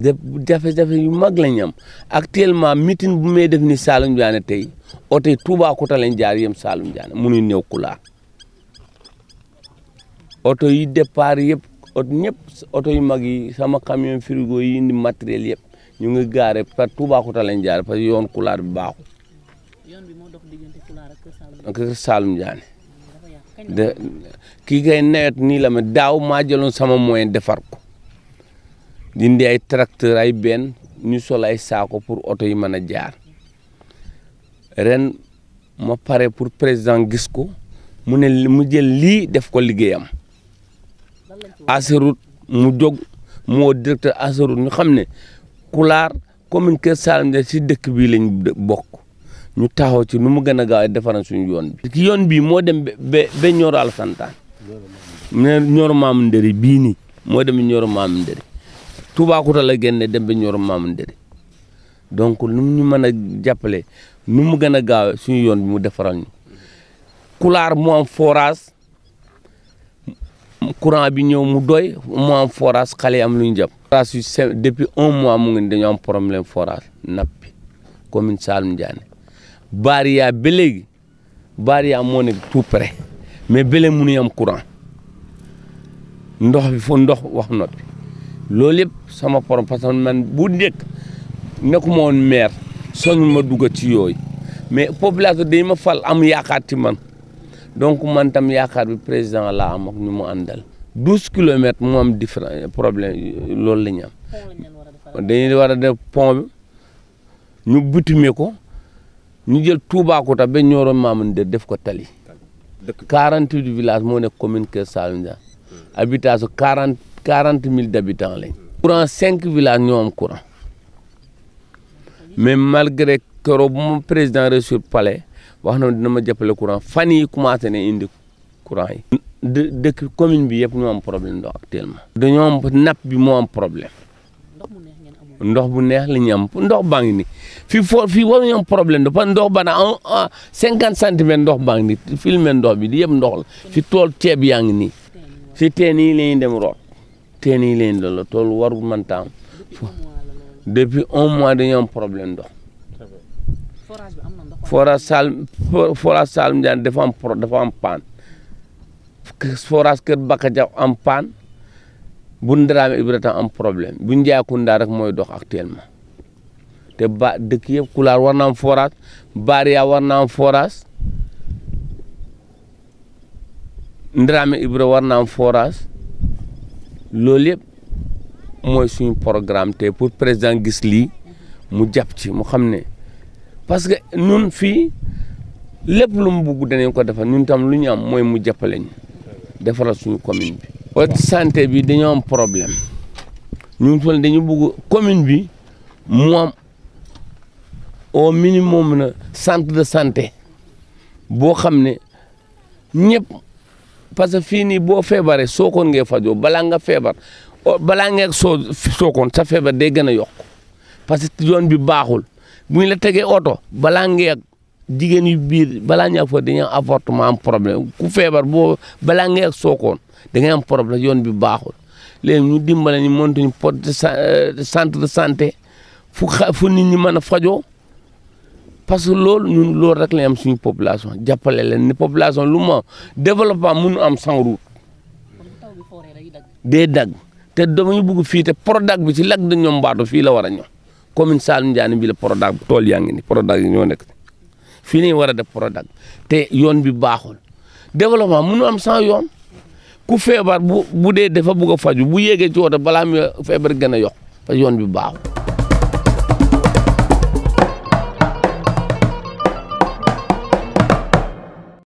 jafe-jafe yu mag lañ am actuellement meeting bu may def ni Saalum Diané tey oto Touba Toubacouta lañ jaar yem Saalum Diané munuñ ñëw Kula auto yi départ yëpp auto ñëpp auto yu mag yi sama camion frigo yi indi matériel yëpp ñu ngi gaare par Toubacouta lañ jaar parce yoon Kula bi baaxul. yoon bi mo dox digënté Kula ak Kër Saalum Diané. de kii kay nawet la ma daw ma jëlon sama moyen defar ko. indi ay tracteur ay benn ñu sol ay saako pour oto yi mën a jaar ren ma pare pour président gis ko mu ne mu jël lii def ko liggéeyam Assaroute mu jóg mu woo directeur Assaroute ñu xam ne Kulaar commune Kër Saalum de si dëkk bii lañ bokk ñu taxaw ci nu mu gën a gaaw defaral suñu yoon bi. ci yoon bii moo dem ba ba Nioro Alassane Tall ne Nioro Ndëri bii nii moo dem Nioro Maam Ndëri Toubacouta la génne dem ba Nioro Maam Ndéri donc ñu mën a jàppale nu mu gën a gaawe suñu yoon mu defaral ñu Kulaar mu am forage courant bi ñëw mu doy mu am forage xale yi am lu ñu jàpp. forage yu depuis un mois mu ngi dañu am problème forage nappi commune Saloum Diané Bariya ba léegi moo nekk tout près mais ba léegi mënuñu am courant ndox bi fo ndox wax noppi. loolu yëpp sama problème parce que man bu njëkk nekkuma moon maire soñu ma dugg ci yooyu mais population dañ ma fal am yaakaar ci man donc man tam yaakaar bi président la am ak ñu mu àndal douze kilomètres mu am différent problème loolu la ñu am dañuy war a def pont bi ñu butime ko ñu jël Toubacouta ba Nioro Mamounde def ko tali quarante-huit villages moo nekk commune Kër Saalum Diané hmm. habitation quarante mille d' habitants lañ. courant cinq villages ñoo am courant mais malgré keroog bu président reçu palais wax na dina ma jàppale courant fan yi commencé ne indi courant yi. dëkk commune bi yëpp ñoo am problème ndox actuellement. dañoo am napp bi moo am problème ndox bu neex la ñu am ndox baa ngi nii fii foo fii waruñu am problème de parce que ndox ba na ah cinquante centimètres ndox baa ngi nii filmé ndox bi di yëpp tool ceeb yaa ngi teeni leen la tool waru man tam depuis un mois dañu am problème do forage Sal forage Saloum Diané dafa am pro dafa am paan forage Kër Baka jaw am pan, bu Ndaraame Ibra am problème bu Njaakunda rek moy dox actuellement te ba dekk yeb kular warna am forage Baria war na am forage Ndaraame Ibra war am forage. loolu yépp mm. mooy suñu programme te pour président gis lii mu jàpp ci mu xam ne parce que ñun fii lépp lu mu bugg danañ ko defar ñun tam lu ñu am mooy mu jàppale ñu defaral suñu commune bi. wàllu santé bi dañoo am problème ñun toll dañu bugg commune bi mu am au minimum na centre de santé boo xam ne ñëpp. parce que fii nii boo feebaree sookoon ngee fajoo bala nga feebar balaa ngee soo sookoon sa feebar day gën a yokk parce que yoon bi baaxul bu la tegee oto balaa ngeeg jigéen yu biir bala ñuy fa dañuy am avortement am problème ku feebar boo balaa ngeeg sookoon da ngay am problème yoon bi baaxul léegi ñu dimbale ñu montuñu pot de euh, centre de santé fu fu nit ñi mën a fajoo parce que loolu ñun loolu rek lañ am suñu population jàppale leen ne population lu ma développement mënu am sans route day dagg te damañu bëgg fii te Prodac bi ci la de Niombato fii la war a ñëw commune Saloum Diané bi la Prodac tool yaa ngi ni Prodac yi ñoo nekk fii nii war a def Prodac te yoon bi baaxul développement munu am sans yoon ku feebar bu bu dee dafa bëgg a faju bu yéegee ci oto balaa muy feebar gën a yokk parce que yoon bi baaxul